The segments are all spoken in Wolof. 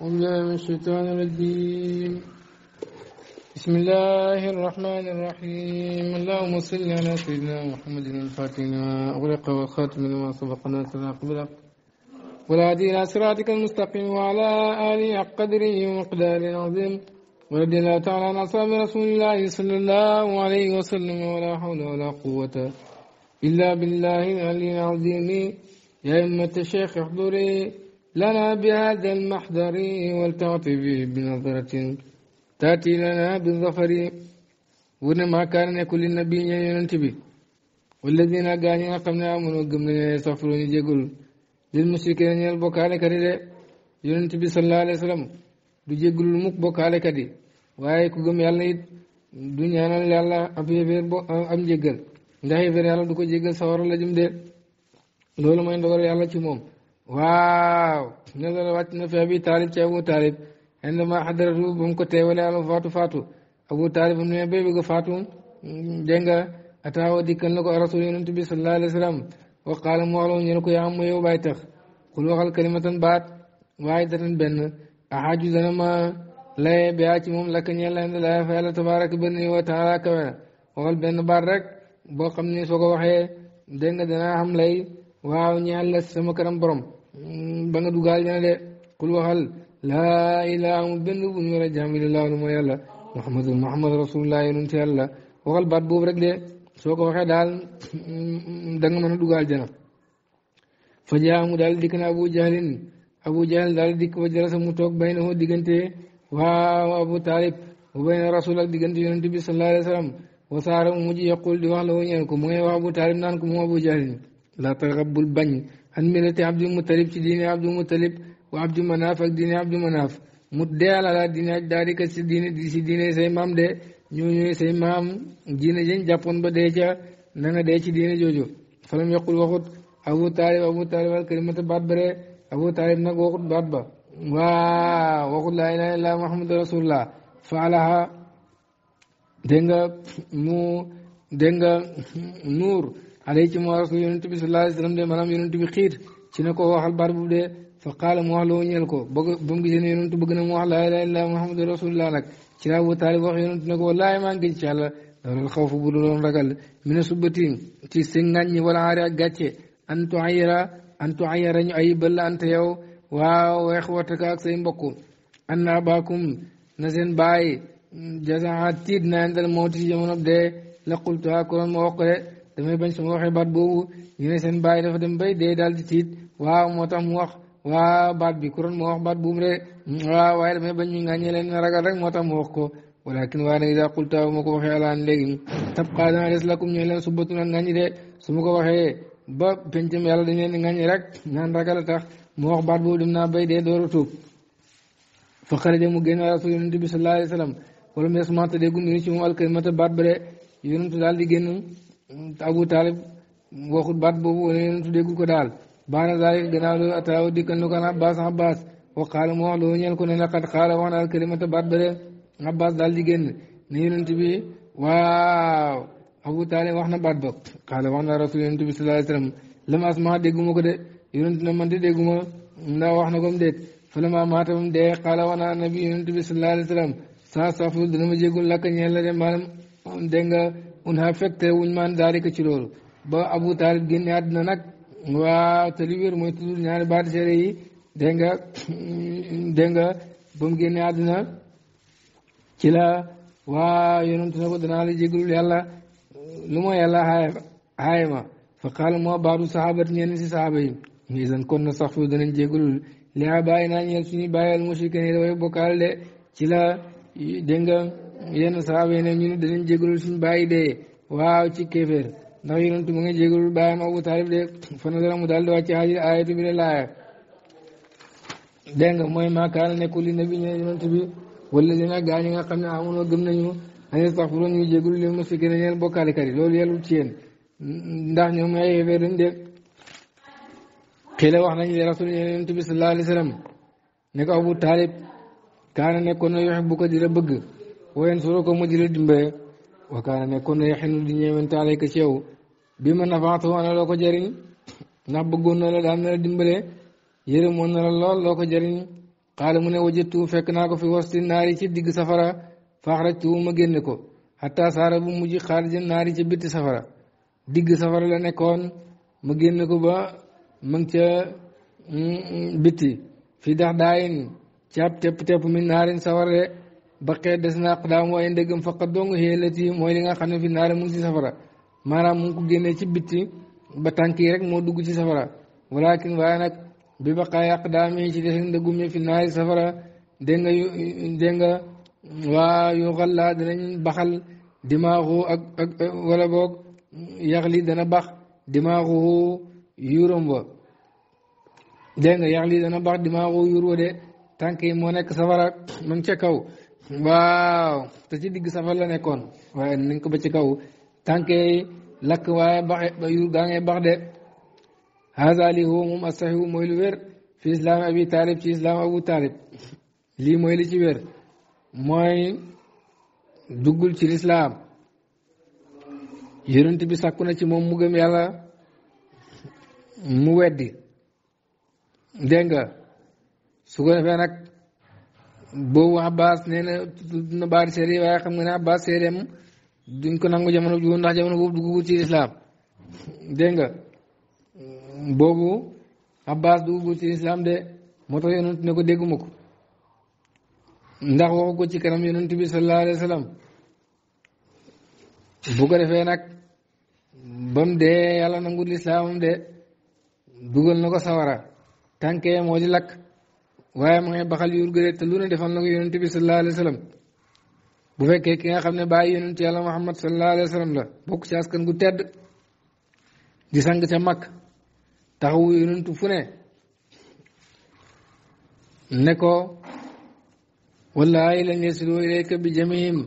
وبالله من الشيطان الرجيم بسم الله الرحمن الرحيم اللهم صل على سيدنا محمد الفاتح أغلق وخاتم لما سبقنا سلاق بلق والهادي صراطك المستقيم وعلى آله حق قدره ومقداره العظيم ورضي الله تعالى نصاب رسول الله صلى الله عليه وسلم ولا حول ولا قوة إلا بالله العلي العظيم يا أمة الشيخ احضري لنا بهذا المحضر ولتعطفي بنظرة تأتي لنا بالظفر ورنا ما كان يكون للنبي ينتبه والذين قالوا نقم نعمل وقمنا يستغفرون يجيقول للمشركين ينال بوكالك la jëm de loolu mooy ndogal yàlla ci moom waaw nazala wàcc na fi abi taalib ci abu taalib indama xadaratu ba mu ko teewale al faatu faatu abu taalib am ne bay bëgg a faatu dégg nga ataawa dikkal na ko rasul yonent bi sallallahu alayhi wa sallam wa qaala mu waxloo ñu ko yaa am yow bàyyi tax xul waxal kalimatan baat waaye datan benn ahaaju dana ma laye biyaa ci moom lakk ñeel la la fa yàlla tabaraka benn wa taala kawe waxal benn baat rek boo xam ne soo ko waxee dégg nga danaa xam lay waaw sama kanam borom Mm, ba nga dugaal ñaan de kul waxal laa ilaha amul benn bu ñu a jaam illallah lu mooy yàlla muhammadu muhammad rasulullah yonent yàlla baat boobu rek de soo ko waxee daal mm, da nga mën a dugaal jana fa jaamu daal dikk na abu jahlin abu jahl daal dikk wa jalasa mu toog bay na hoo diggante waaw abu taalib wa bay na rasul ak diggante yonent bi sallallahu alayhi wa sallam wa saara mu mujj yaqul di wax la woo ñeen ko mu ngay wax abu taalib naan ko moom abu jahlin laa tarxab bul bañ an millati abdul mutalib ci diine abdul mutalib wa abdu manaaf ak diine abdu manaaf mut dee alala diine aj daalika si diine si diine say maam de ñoo ñooy say maam diine jën jàppoon ba dee ca na nga dee ci diine jooju falam yaqul waxut abu taalib abu taalib al kalimata baat bare abu taalib nag waxut baat ba waa waxut laa ilaaha illallaah muhammadu rasulullah faalaha dégg nga nuur عليك مبارك يونتي بسم الله السلام دي مرام يونتي بخير تينكو واخال بارب دي فقال مو واخلو نيلكو بوم يونتي بغنا مو واخ لا محمد رسول الله لك تينا بو طالب واخ يونتي نكو والله ما نغي ان شاء الله دون الخوف بودون رغال من سبتين تي سنغاني ولا ارا غاتي ان تعيرا ان تعيرا اي بل انت ياو واو ويخ واتكا اك سي مبوكو ان اباكم نزن باي جزاعات تيد ناندل موتي يمنو دي لقلتها كون موقره damay bañ sama waxee baat boobu ñu ne seen baay dafa dem bay dee daal di tiit waaw moo tax mu wax waa baat bi kuroon moo wax baat buum de waaw waaye damay bañ ñu ngàññee leen na ragal rek moo tax mu wax ko walakin waaye nag ida qulta ko waxee alaan léegi tabqaa dana des lakum ñooy leen subbatun ak ngàññi de su ma ko waxee ba pencam yàlla dañ leen di rek naan ragal tax mu wax baat boobu dem naa bay dee door a tuub fa xaraja mu génn rasul yonent bi sallallahu alayhi wa sallam wala mu yasmaata déggum ñu ci moom alkalimata baat ba de yonent daal di génn Abu Taalib waxut baat boobu wala yonentu déggul ko daal baana zaalik gannaaw loolu ataaw dikkal nu ko an Abbas Abbas wax loolu ñeel ko ne laqad qaala wax na alkalimata baat ba de Abbas daal di génn ne yonent bi waaw Abu Taalib wax na baat ba qaala wax na rasul yonent bi sallallahu alayhi wa sallam ko de na wax na ko mu ma jéggul lakk ñeel la de unha fekk wuñ maan daalika ci loolu ba Abu Taalib génne àddina nag waaw te li wér mooy toujours ñaari baati seere yi dégg nga dégg nga ba mu génne àddina ci la waaw yonentu na ko danaa la jégalul yàlla lu ma yàlla xaay fa qaala moo baadu saxaabat ñenn si saxaaba yi ñu kon na sax fu danañ jégalul li bàyyi naa ñeel suñu bàyyal mushrikeen yi dafay bokkaale de ci la dégg yenn saaba yi ne ñu ne danañ jégalul suñ bàyyi waaw ci kéeféer ndax yonentu mu nga jégalul bàyyam Abu Taalib de fa nazara mu daal di wàcc haajil aayatu bi la laaya dégg nga mooy nabi ñe yonent bi wala dina gaa ñi nga xam ne amunoo gëm nañu anes tax furoon ñu jégalul li musrikiin ne yi loolu de wax nañ li rasul yonent bi sallallahu Abu Taalib kaana nekkoon na yoxe bu ko dira bëgg woyen solo ko mu di la dimbale wakaana nekkoon na yaxinu di ñeewentaale ko ci yow bi ma nafaatu woon loo ko jëriñ ndax na la daan na la dimbale yërëmoon na la lool loo ko jëriñ xaala mu ne wajëtu fekk naa ko fi wasti naari ci digg safara faaxrajtu ma génne ko xataa saara bu mujj xaarijan naari ci bitti safara digg safara la nekkoon ma génn ko ba ma ca mm, mm, bitti fii dax daayin ci tepp tepp mi naarin safara de baqee des na aqdaam waaye ndëggam faqat dong xéelati mooy li nga xam ne fi naara mu ngi safara maanaam mu ngi ko ci bitti ba tànk yi rek moo dugg ci safara walakin waaye nag bi baqaay aqdaam yi ci des ndëggum yi fi naari safara dégg nga dégg nga waa yu xallaa danañ baxal dimaaxu ak ak wala boog yaxli dana bax dimaaxu yuuram wa dégg nga yaxli dana bax dimaaxu yuur wa de tànk yi moo nekk safara mu ngi ca kaw waaw te ci digg safar la nekkoon waaye nañ ko ba ci kaw tànkee lakk waaye bax yu gaa ngay bax de haza li huwa moom asaxihu mooy lu fi islam abi taalib ci islam abu taalib lii mooy li ci wér mooy duggul ci lislaam yonent bi sàkku ci moom mu gëm yàlla mu weddi dégg nga su nag boobu Abbas nee na tudd na baari seere waaye xam nga ne Abbas seereem duñ ko nangu jamono ju ndax jamono boobu duggagul ci lislaam dégg nga ci lislaam de moo tax yonent ne ko dégguma ko ndax waxu ko ci kanam yonent bi sallallahu alayhi wa sallam bu nag ba mu dee yàlla nangu lislaamam de dugal na ko sawara tànkee moo di lakk waaye ma ngay baxal yuur gëre te lu ne defal na ko yonent bi sallallahu alayhi wa sallam bu fekkee ki nga xam ne bàyyi yonent yàlla muhammad sallallahu alayhi wa sallam la bokk ci askan gu tedd di sang ca mag taxawu yonent fu ne ne ko wallaahi lan yasiloo ilayka bi jamihim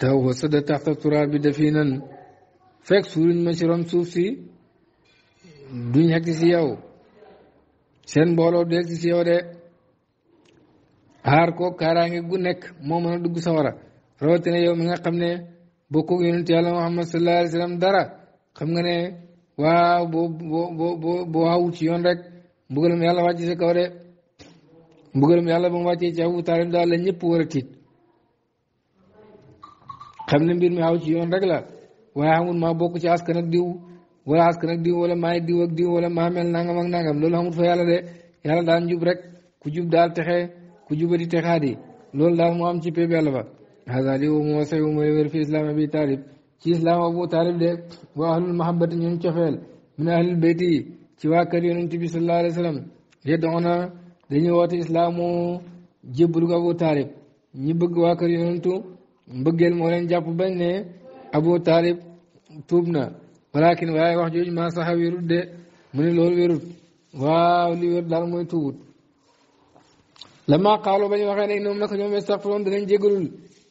taw wasada taxta turaabi dafinan fekk suuluñ ma ci ron suuf si duñ xekk si yow seen mbooloo du yegsi si yow de aar ko kaaraange gu nekk moo mën a dugg sawara rawatina yow mi nga xam ne bokkul yonent yàlla Muhammad sallallahu alayhi wa sallam dara xam nga ne waa boo boo boo boo ci yoon rek mbugalum yàlla wàcc sa kaw de mbugalum yàlla ba mu wàccee ci ñëpp war a tiit xam ne ci yoon rek la waaye xamul maa bokk ci askan ak diw walaas nag diw wala maay diw ak diw wala maa mel nangam ak nangam fa yàlla de yàlla daan jub rek ku jub daal texe ku jubadi texaat yi lool daal mu am ci péeb yàlla ba haga li woo moo say wu ma wér fi islam abi taalib ci islam abu taalib de wa ahlul mahabbati ñun cofeel min ahlul bayti ci waa kër yonent bi sallallahu alayhi wa sallam yedoona dañuy woote islaamu jébbalu ko abu taalib ñi bëgg waa kër yonentu mbëggeel moo leen jàpp bañ ne abu taalib tuub na walakin wawi wax joji ma saaha werude de muni lool werud waaw li werud dara mooy tuwut lama qaalo bañ waxee nag noom naka ñoom yastaxfiroon danañ jégalul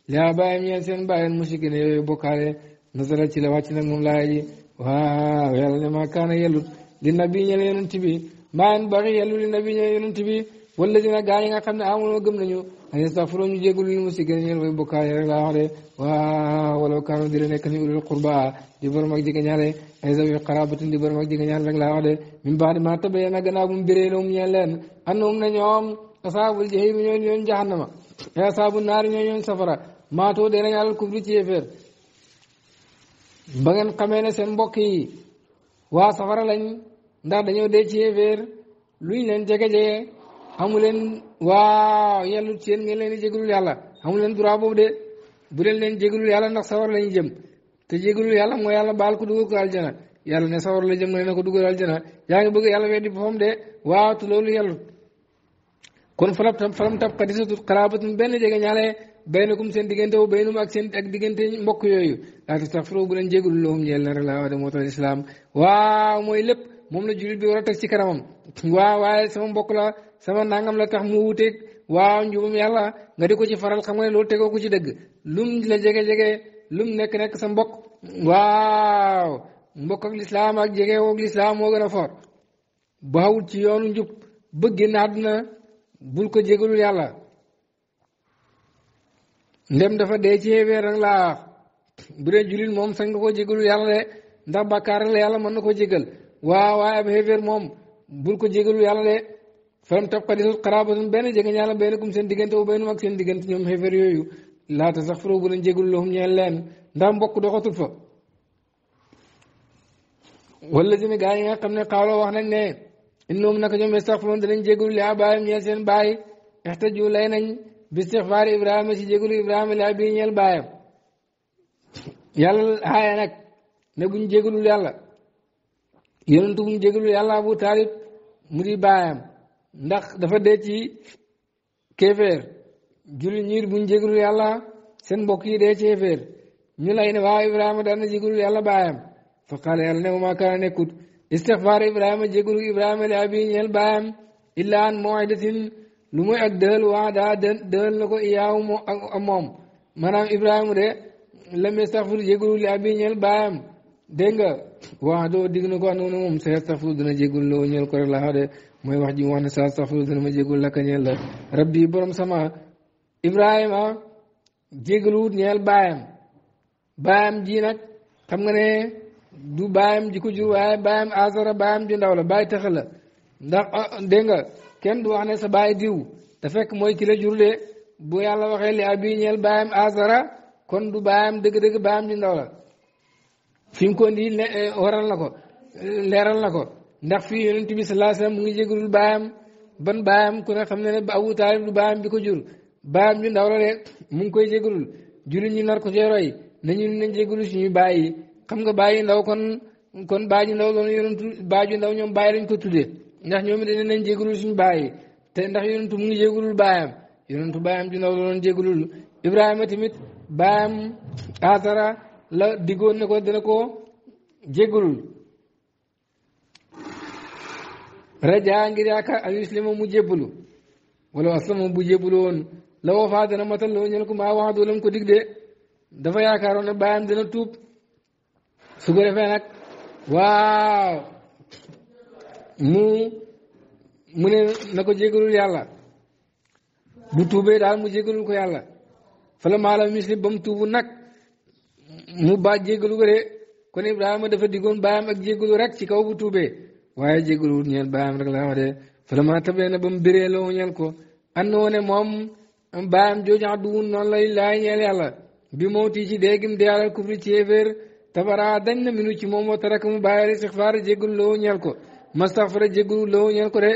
li abayam yeen seen bayyen musikine yooyu bokkaale nasara ci la wàcc nag moom laay ji waaw yàlla ne ma kaana yellut li nabi ñale yonanti bi maan baxi yellu li nabi ñale yonanti bi wala dina gaa yi nga xam ne amoon gëm nañu ay astafuroo ñu jégalu li mu si gën ñeel way bokkaale rek laa wax de waa wala kaanu di la nekk ni ulul qurba di borom ak jege ñaare ay zawi xarabatin di borom ak jege ñaare rek laa wax de min baadi ma tabayyana gannaaw bu mu biree loom ñeel leen annahum ne ñoom asaabul jahim ñoo ñooñ jahannama ay asaabu naari ñoo ñooñ safara maatoo dee nañ alal kubri ci yéeféer ba ngeen xamee ne seen mbokk yi waa safara lañ ndax dañoo dee ci yéeféer luñ leen jege jege amu leen waaw yàllu ci yéen ngeen leen di jégalul yàlla amu leen droit boobu de bu leen leen jégalul yàlla sawar la ñu jëm te jégalul yàlla mooy yalla baal ko dugal ko aljana yàlla ne sawar la jëm ne na ko dugal aljana yaa ngi bëgg yàlla weddi boppam de waaw te loolu yàllut kon faram tam faram tam xadisatul xaraabatun benn jege ñaale baynakum seen diggante wu baynum ak seen ak diggante mbokk yooyu laa tastaxfiru bu leen jégalul lahum ñeel na rek laa wax de moo tax islam waaw mooy lépp moom la jullit bi war a ci kanamam waaw waaye sama mbokk la sama nangam la tax mu wuteeg waaw njubum yàlla nga di ko ci faral xam nga ne loolu tegoo ko ci dëgg lum la jege jege lum nekk nekk sa mbokk waaw mbokk ak lislaam ak jege woog lislaam moo gën a fort baxawul ci yoonu njub bëgg na àdduna bul ko jégalul yàlla moom sañ nga ko jégalul yàlla de ndax bàkkaar la yàlla mën na ko jégal waaw waaye ab xeefeer moom bul ko jégalul yàlla de faram taf ka desut xaraabatun benn jege ñaala baynakum seen diggante bu baynum ak seen diggante ñoom xeefar yooyu laata sax faroo bu leen jégul lahum ñeen leen ndax mbokk doxatul fa wala jëne gaa yi nga xam ne xaalo wax nañ ne innoom naka ñoom istaxfiroon danañ jégul li abaayam ñeel seen baay ixtaju lay nañ bistixfaar ibrahima si jégulu ibrahima li abi ñeel baayam yàlla aaya nag ne buñ jégulul yàlla yonentu buñ jégulul taalib mu di baayam ndax dafa dee ci kéeféer jullit ñi buñ jégalu yàlla seen mbokk yi dee ci kéeféer ñu lay ne waaw Ibrahima daan na yàlla baayam fa qaala yàlla ne wa kaana nekkut istixfaar Ibrahima jégalu Ibrahima li abi ñeel baayam illaa an moom ak moom de lam yastaxfir jégalu li abi ñeel baayam dégg waadoo digg na ko anoona moom sa yastafru dina jégul loo ñeel ko rek mooy wax ji mu wax ne sa yastafru dina ma jégul lakka la rabbi borom sama ibrahima jégaluwut ñeel baayam baayam ji nag xam nga ne du baayam ji ko jur waaye baayam asara baayam ji ndaw la baay tëx la ndax ah, dégg kenn du wax ne sa baay diw te fekk mooy ki la jur de bu yàlla waxee li abi ñeel baayam asara kon du baayam dëgg-dëgg baayam ji ndaw la fi mu ko indi eh, waral na ko eh, leeral na ko ndax fii yonent bi salaa salaam mu ngi jégalul baayam ban baayam ku ne xam ne ne Abu Taalib du baayam bi ko jur baayam ju ndaw la de mu ngi koy jégalul jullit ñu nar ko cee roy nañu nañ jégalu suñu baay yi xam nga baay yu ndaw kon kon baay yu ndaw doon yonentu baay yu ndaw ñoom baay lañ ko tuddee ndax ñoom dañ nañ jégalul suñu baay yi te ndax yonentu mu ngi jégalul baayam yonentu baayam ju ndaw la doon jégalul Ibrahima tamit baayam Aasara la diggoon ne ko dina ko jéggalul rajaa ngir yaakaar an yuslima mu jébbalu wala aslama bu jébbalu woon la wafaa dana matal loo ñel ko maa waxadoo lam ko dig de dafa yaakaaroon ne bàyyam dina tuub su ko defee nag waaw mu mu ne na ko jéggalul yàlla bu tuubee daal mu jéggalul ko yàlla fala maalam muslim ba mu tuubu nag mu baat jéggalu ko de kon Ibrahima dafa diggoon baayam ak jéggalu rek ci kaw bu tuubee waaye jéggalu wut ñeel baayam rek laa wax de vraiment tabee na ba mu biree loo ñeel ko àndoo ne moom baayam jooju àdduwun noonu lay laay ñeel yàlla bi mawti ci déegim de yàlla kufri ci yéeféer tabara dañ na minu ci moom moo taraka mu bàyyi istixfaar jéggalu loo ñeel ko mastaxfara jéggalu ko de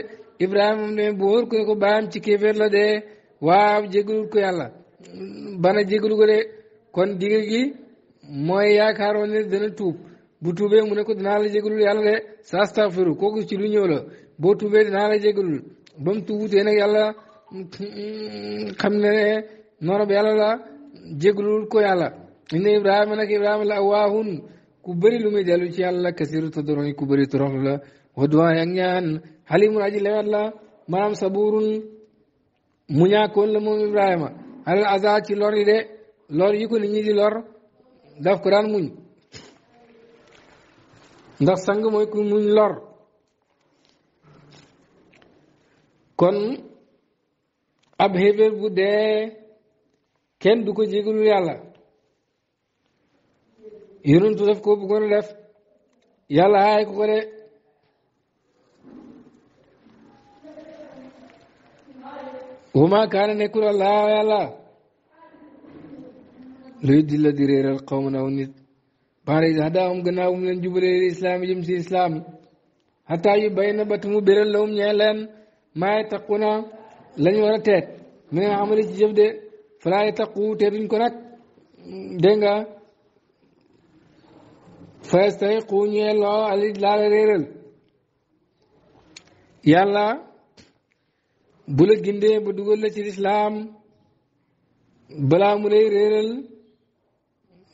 Ibrahima moom ne bu wóor ci kéeféer la de waaw jéggalu ko yàlla bana jéggalu ko de kon digal mooy yaakaaroon ne dana tuub bu tuubee mu ne ko dinaa la jégalul yàlla de sa astaghfiru kooku ci lu ñëw la boo tuubee dinaa la jégalul ba mu tuubutee nag yàlla xam ne ne norob yàlla la jégalul ko yàlla inna ibrahima nag ibrahima la awaahun ku bëri lu muy dellu ci yàlla kasiru te ku bëri toroxlu la waduwaan ak ñaan xalimun aji lewet la maanaam saburun mu ñaakoon la moom ibrahima alal azaa ci lor de lor yi ko nit ñi di lor daf ko daan muñ ndax sang mooy ku muñ lor kon ab xéeféer bu dee kenn du ko jégalul yàlla yonentu daf ko bëggoon def yàlla aay ko ko de wama kaana nekkul allah yàlla luy di la di réeral xaw ma naw nit baara is hadaahum gannaaw leen jubalee islaam yi si islaam xataa yu bay na ba te mu béral la um ñee leen maay taquna lañ war a teet mu ne amali ci jëf falaay taqu te ko nag dégg nga fastay qu ñee loo alit laa la réeral yàlla gindee ba dugal la ci lislaam balaa mu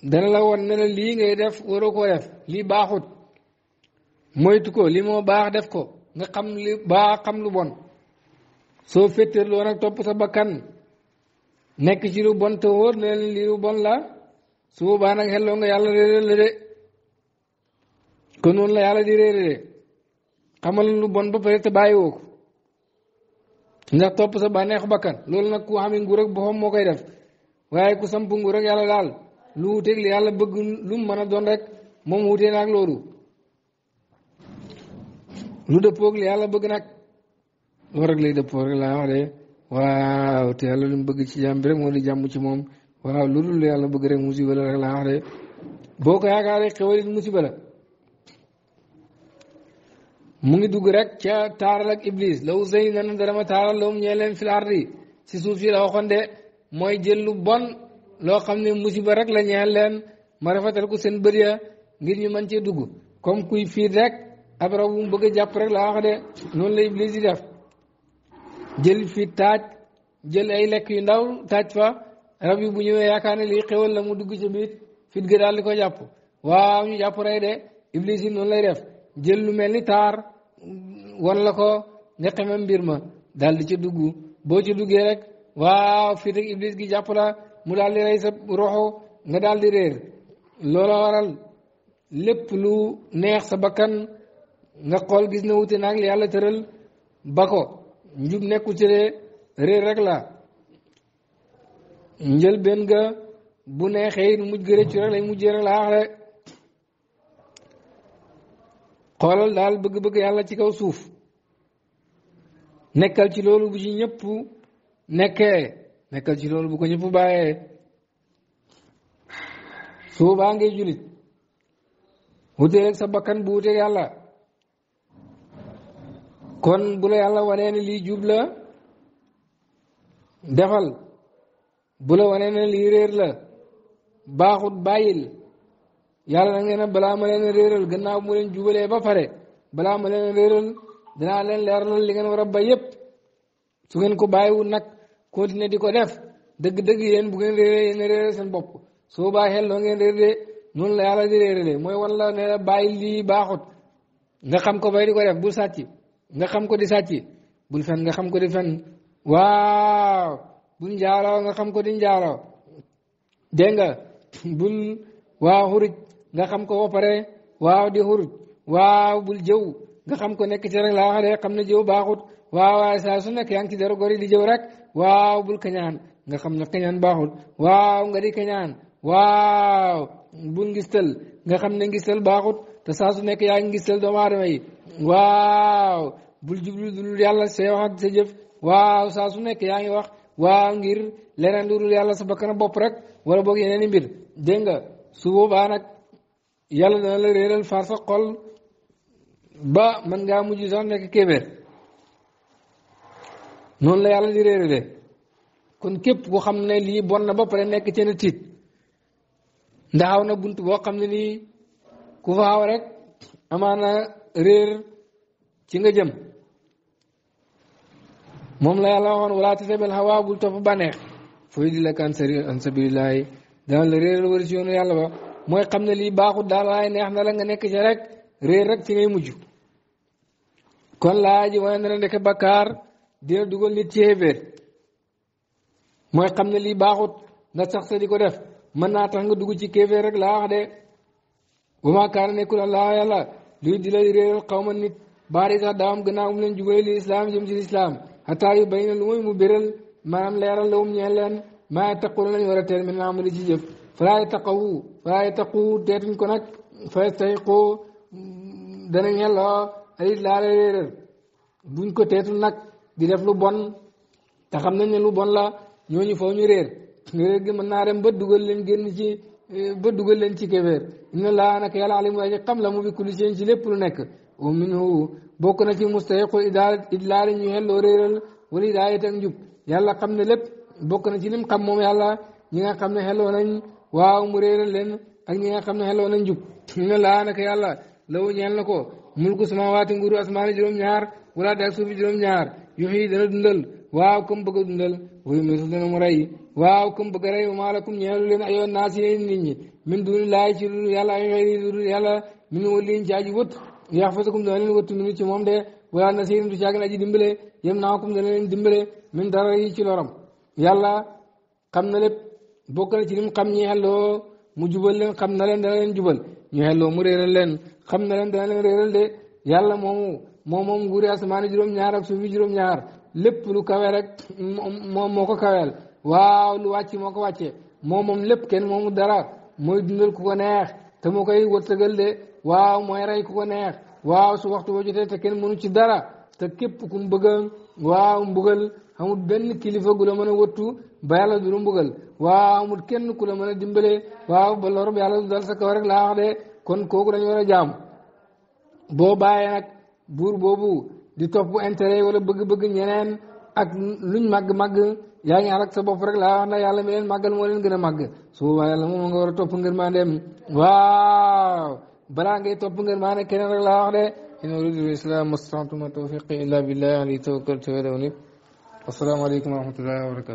dana la won ne lii ngay def waroo koo def lii baaxut moytu ko li moo baax def ko nga xam li xam lu bon soo féeteerloo nag topp sa bakkan nekk ci lu bon te wóor ne lii lu bon la su boobaa nag xelloo nga noonu la yàlla di réeréer lu bon ba bàyyiwoo ko ndax sa bànneexu bakkan loolu nag ku xam ne nguur ak boppam moo koy def waaye ku samp nguur ak yàlla daal. lu wuteeg li yàlla bëgg lu mu mën a doon rek moom wutee naag loolu lu dëppoog li yàlla bëgg nag loolu rek lay dëppoo rek laa wax de waaw te yàlla lu mu bëgg ci jàmm bi rek moo di jàmm ci moom waaw lu dul yàlla bëgg rek musiba la rek laa wax de boo ko yaakaaree xewalit musiba la mu ngi dugg rek ca taaral ak iblis law sëy nan dara ma taaral loom ñee leen fil ardi si suuf yi la mooy jël lu bon loo xam ne musiba rek la ñeel leen ma rafetal ko seen bër ngir ñu mën cee dugg comme kuy fiir rek ab rab bu mu bëgg a jàpp rek laa wax de noonu la iblis di def jël fi taaj ay lekk yu ndaw taaj fa rab yi bu ñëwee yaakaar ne lii xéwal mu dugg ci biir daal di ko jàpp waaw ñu jàpp rey de iblis noonu lay def jël lu mel ni taar wan la ko nga xamee mbir ma dal di ci dugg boo ci duggee rek waaw fit ak iblis gi jàpp la mu daal di rey sa roxo nga daal di réer loola waral lépp lu neex sa bakkan nga xool gis na wute naag li yàlla tëral ba ko njub nekku ci de réer la njël benn ga bu neexee it mujj gërëccu rek lay mujjee rek laa xare xoolal daal bëgg-bëgg yàlla ci kaw suuf nekkal ci loolu bu ci ñëpp nekkee nekkal ci loolu bu ko ñëpp bàyyee suubaa ngay julit wutee rek sa bakkan bu wuteeg yàlla kon bu la yàlla wanee ne lii jub la defal bu la wanee ne lii réer la baaxut bàyyil yàlla na ngeen balaa ma leen réeral gannaaw mu leen jubalee ba pare balaa ma leen réeral dinaa leen leeralal li ngeen war a ba yépp su ngeen ko bàyyiwul nag continuer di ko def dëgg-dëgg yéen bu ngeen réeré seen bopp soo baaxee loo ngeen réeré noonu la yàlla di réeré mooy wan la ne la bàyyi lii baaxut nga xam ko bay di ko def bul sàcc nga xam ko di sàcc bul fen nga xam ko di fen waaw bul njaaroo nga xam ko di njaaroo dégg nga bul waaw xuruj nga xam ko ba waaw di xuruj waaw bul jëw nga xam ko nekk ci rek xam ne jëw baaxut waaw waaye saa su nekk yaa ngi ci dara gori di jëw rek waaw bul kañaan nga xam ne kañaan baaxul waaw nga di kañaan waaw bul ngistal nga xam ne ngistal baaxut te saa su nekk yaa ngi ngistal doomu aadama yi waaw bul jublu dul yàlla sa jëf yaa ngi wax waaw ngir leneen lu dul yàlla sa bakkan bopp rek wala boog yeneen i mbir dégg nga su boobaa yàlla dana la réeral far sa xol ba mën ngaa mujj sax nekk kébeer noonu la yàlla di réerale kon képp ku xam ne lii bon na ba pare nekk ci na tiit ndaxaw na bunt boo xam ne nii ku fa xaw rek amaana réer ci nga jëm moom la yàlla waxoon wala tatabel hawa bul topp bànneex fooy di la kan sari an sabilillahi dana la réeral war ci ne lii baaxut daal waaye neex na la nga nekk ci rek réer rek ci ngay mujj kon laa ji wane na ndeke bakkaar dina dugal nit ci xébéer mooy xam ne lii baaxut nga sax sa di ko def mën naa tax nga dugg ci kéeféer rek laa wax de bu ma kaara nekkul allah yàlla luy di la réeral xawma nit baari sax daawam gannaaw mu leen jubale li islam jëm ci lislaam xataa yu bay na lu muy mu béral maanaam leeral la um ñeen leen maa taqul lañ war a teel maintenant mu di ci jëf falaay taqawu falaay teetuñ ko nag fay tay ko danañ xelloo ay laa la réeral buñ ko teetul nag di def lu bon te xam nañ ne lu bon la ñooñu foo ñu réer réer gi mën naa ba dugal leen génn ci eh, ba dugal leen ci kéféer inna laa nag yàlla alimu la mu bi kulli seen ci lépp lu nekk wa minhu na ci mustahiqul idaal idlaali ñu xelloo réeral wala idaayat ak njub yàlla xam ne lépp bokk na ci lim xam moom yàlla ñi nga xam ne xelloo nañ waaw mu réeral leen na ko mulku samaawaati nguuru asmaani juróom-ñaar wala ak suufi juróom-ñaar yuxii dana dundal waaw comme bëgg a dundal wuyu mi dana mu rey waaw comme bëgg a rey maalakum ñeelu leen ayoon naas yéen nit ñi min duni laay ci dul yàlla ay xëy dul yàlla min waliin ci aji wët yax fasakum dana leen wëttu minu ci moom de wala nasirin du caagin aji dimbale yem naakum dana leen dimbale min dara yi ci loram yàlla xam na lépp bokk na ci lim xam ñi mu jubal leen xam na dana leen jubal de yàlla moomu moom moom nguuri asamaan juróom-ñaar ak lépp lu kawe rek moom moo ko kaweel waaw lu wàcc moo ko wàcce moom moom lépp kenn moomu dara mooy dundal ku ko neex te moo koy wërsëgal de waaw mooy rey ku ko neex waaw su waxtu ba jotee te kenn mënu ci dara te képp ku mu bëgg waaw mbugal amul benn kilifa gu la mën a wëttu ba yàlla du mbugal waaw amul kenn ku la mën a dimbale waaw ba lor bi yàlla du dal sa kaw rek laa de kon kooku dañu war a jaam boo bàyyee nag buur boobu di topp intérêt wala bëgg-bëgg ñeneen ak luñ màgg-màgg yaa ngi ànd ak sa bopp rek laa wax na yàlla mi leen màggal moo leen gën a màgg su boobaa yàlla moom nga war a topp ngir maa dem waaw balaa ngay topp ngir maa ne keneen rek laa wax de in uridu islam mastatuma tawfiqi illa billahi alayhi tawakkaltu wa ilayhi unib asalaamaaleykum wa rahmatullahi wa barakatu